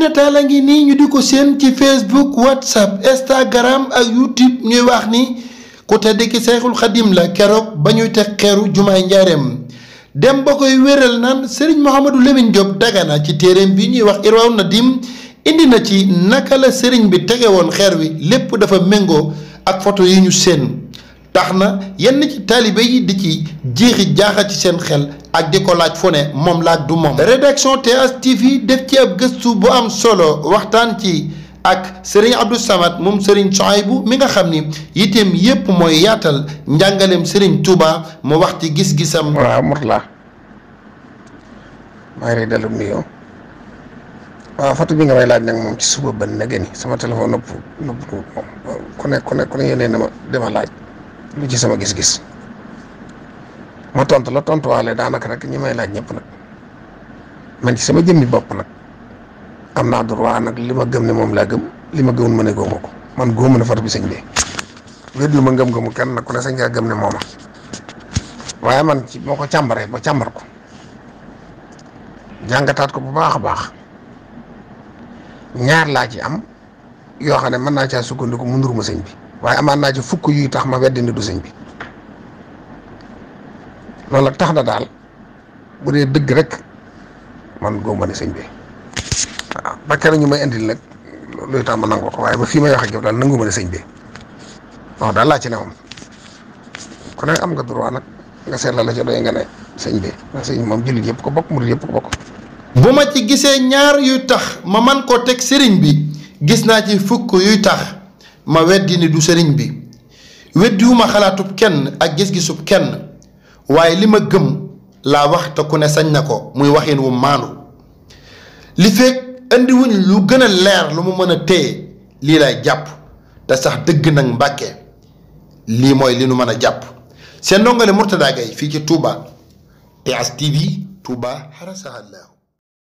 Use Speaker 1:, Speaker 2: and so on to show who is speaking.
Speaker 1: Aminata a ngi nii ñu di ko séen ci Facebook WhatsApp Instagram ak YouTube ñuy wax ni ku tedd ki Seexul Xadim la keroog ba ñuy teg xeeru jumaay njaareem dem ba koy wéral naan Serigne Mouhamadou Lamine Diop Dagana ci téereem bi ñuy wax na Nadim indi na ci naka la Serigne bi tege woon xeer wi lépp dafa méngoo ak photo yi ñu seen tax na yenn ci taalibe yi di ci jeexi jaaxa ci seen xel ak di ko laaj fu ne moom laaj du moom. rédaction TH TV def ci ab gëstu bu am solo waxtaan ci ak Serigne Abdou Samad moom Serigne Souhaïbou mi nga xam ni itam yépp mooy yaatal njàngaleem sëriñ tuuba mu wax ci gis-gisam. waaw
Speaker 2: Mourtala maa ngi lay dellu nuyoo waaw Fatou bi nga may laaj nag moom ci suba ba nag sama téléphone nopp nopp ku ne ku ne ku ne yónnee na ma dama laaj. lu ci sama gis-gis ma tontu la tontuwaale daanaka rek ñi may laaj ñep nak man ci sama jëmmi bopp nag am naa droit nak lima gëm ne mom la gëm lima ma mané man goom na far bi sëñ bi wëddu ma ngëm-ngëmu kan nak ku ne señ nga gëm ne waaye man ci moko ko ba chambar ko jangataat ko bu baax baax ñaar la ci am yoo xam ne man naa caa sukkandiku mu ndur ma sëñ bi waaye amaan naa ci fukk yuy tax ma weddi ni du sëñ bi loolu nag tax na daal bu dee dëgg rek man góob ne sëñ bi waaw ba keroog ñu may indil nag luy tax ma nangu ko waaye ba fii may ma ne sëñ bi daal laa ci ne moom ku am nga droit nag nga seetla la ci doy nga ne sëñ bi ndax sëñ moom jullit yépp ko bokk murit yëpp ko bokk. bu ma ci gisee ñaar yuy tax
Speaker 1: ma man koo teg sëriñ bi. gis naa ci fukk yuy tax ma weddi ni du sëriñ bi weddiwuma xalaatub kenn ak gis-gisub kenn waaye li ma gëm laa wax te ku ne sañ na ko muy waxin wu maandu li fekk indiwuñ lu gën a leer lu mu mën a téye lii lay jàpp te sax dëgg nag mbàkke lii mooy li nu mën a jàpp seen ndongale Mourtada Gaye fii ci Touba TS TV Touba xarasahallahu